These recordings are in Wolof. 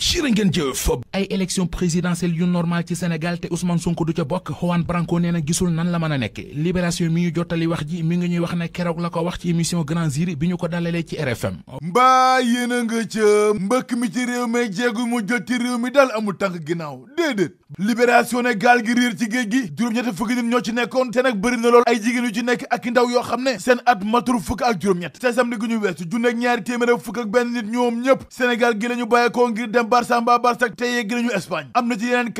jërë ngeen jëf ay élection présidentielle yu normal ci Sénégal te Ousmane Sonko du ca bokk Juan Branco nee gisul nan la mën a nekk libération mi ñu jottali wax ji mi ngi ñuy wax ne keroog la ko wax ci émission Grand Jury bi ñu ko dalalee ci RFM mbaa yéen a nga ca mbëkk mi ci réew mi jéegu mu jot ci réew mi daal amul tànk ginnaaw déedéet libération ne gaal gi riir ci géej gi juróom-ñett fukki nit ñoo ci nekkoon te nag bëri lool ay jigéen ci nekk ak i ndaw yoo xam ne seen at matul fukk ak juróom-ñett te samedi gu ñu weesu junneeg ñaari téeméer ak fukk ak benn nit ñoom ñëpp Sénégal gi la ñu bàyyeekoo ngir dem Barça mbaa te yegg nañu Espagne am na ci yeneen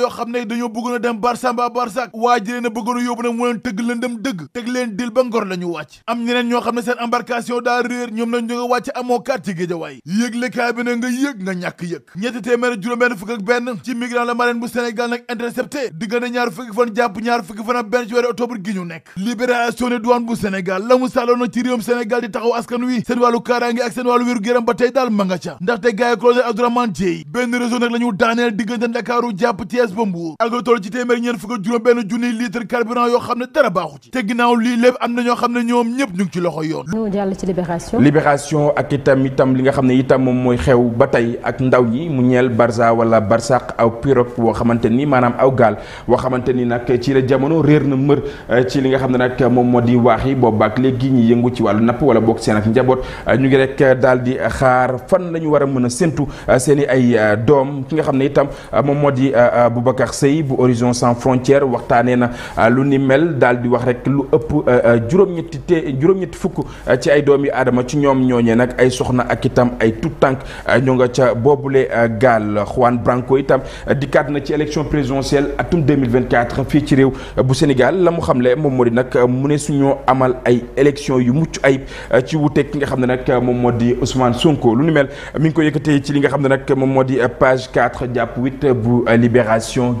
yoo xam ne dañoo bëggoon a dem Barça mbaa waa ji leen a a yóbbu nag mu leen tëgg lëndëm dëgg teg leen la marine bu nekk libération ne douane bu Sénégal la mu sàlloon ci réewum Sénégal di taxaw askan wi seen wàllu kaaraange ak seen wàllu wéru yaram ba tey daal ma nga ca ndaxte gars yi colonel Abdourahmane Dieye benn réseau nag la daaneel diggante Ndakaaru jàpp Thiès ba Mbuur ak lu toll ci téeméer ñeent fukk juróom benn junniy litre carburant yoo xam ne dara baaxu ci te ginnaaw lii lépp am na ñoo xam ne ñoom ñëpp ñu ci loxo yoon ñu jàll pirogue boo xamante ni maanaam aw gaal boo xamante ni nag ci la jamono réer na mër eh, ci li nga xam ne nag moom moo di waax yi boobu ak léegi ñi yëngu ci wàllu napp wala boog seen ak njaboot eh, ñu ngi rek daal di xaar fan la ñu war a mën a séntu eh, seen i ay doom ki nga xam ne itam moom moo di Boubacar Seye bu Horizon Sans Frontières waxtaanee na lu ni mel daal di wax rek lu ëpp juróom-ñetti te juróom-ñetti fukk ci ay doom yi aadama ci ñoom ñooñee nag ay soxna ak itam ay tout tànk ñoo nga ca boobule gaal dikkaat ci élection présidentielle atum 2024 fi ci réew euh, bu Sénégal la mu xamle moom moo di nag euh, amal ay élection yu mucc ayib euh, ci wuté ki nga xam nak mom modi Ousmane Sonko lu ni mel mi ngi ko yëkëté ci li nga xam nak mom modi page 4 diap 8 bu Libération